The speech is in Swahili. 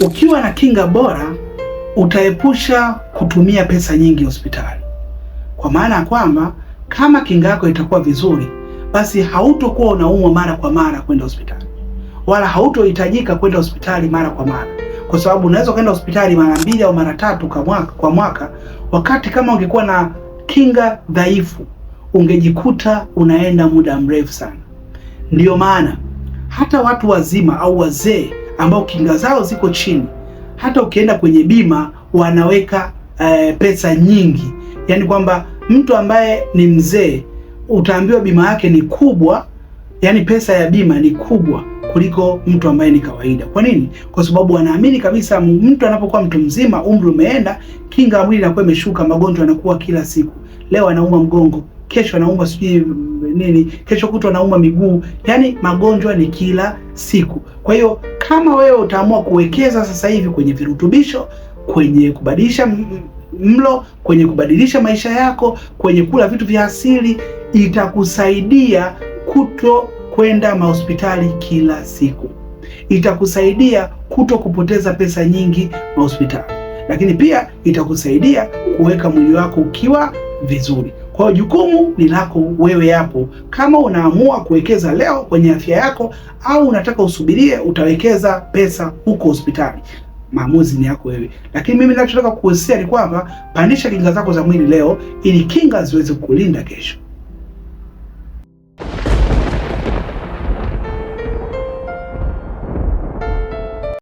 Ukiwa na kinga bora utaepusha kutumia pesa nyingi hospitali, kwa maana ya kwamba kama kinga yako itakuwa vizuri, basi hautokuwa unaumwa mara kwa mara kwenda hospitali, wala hautohitajika kwenda hospitali mara kwa mara, kwa sababu unaweza kwenda hospitali mara mbili au mara tatu kwa mwaka, kwa mwaka, wakati kama ungekuwa na kinga dhaifu ungejikuta unaenda muda mrefu sana. Ndiyo maana hata watu wazima au wazee ambao kinga zao ziko chini. Hata ukienda kwenye bima wanaweka eh, pesa nyingi, yaani kwamba mtu ambaye ni mzee utaambiwa bima yake ni kubwa, yaani pesa ya bima ni kubwa kuliko mtu ambaye ni kawaida. Kwa nini? Kwa sababu wanaamini kabisa mtu anapokuwa mtu mzima, umri umeenda, kinga ya mwili inakuwa imeshuka, magonjwa yanakuwa kila siku. Leo anauma mgongo, kesho anauma sijui nini, kesho kutwa anauma miguu, yaani magonjwa ni kila siku. Kwa hiyo kama wewe utaamua kuwekeza sasa hivi kwenye virutubisho, kwenye kubadilisha mlo, kwenye kubadilisha maisha yako, kwenye kula vitu vya asili, itakusaidia kuto kwenda mahospitali kila siku, itakusaidia kuto kupoteza pesa nyingi mahospitali, lakini pia itakusaidia kuweka mwili wako ukiwa vizuri. Kwa hiyo jukumu ni lako wewe hapo, kama unaamua kuwekeza leo kwenye afya yako au unataka usubirie utawekeza pesa huko hospitali. Maamuzi ni yako wewe, lakini mimi ninachotaka kuhusia ni kwamba pandisha kinga zako za mwili leo, ili kinga ziweze kukulinda kesho.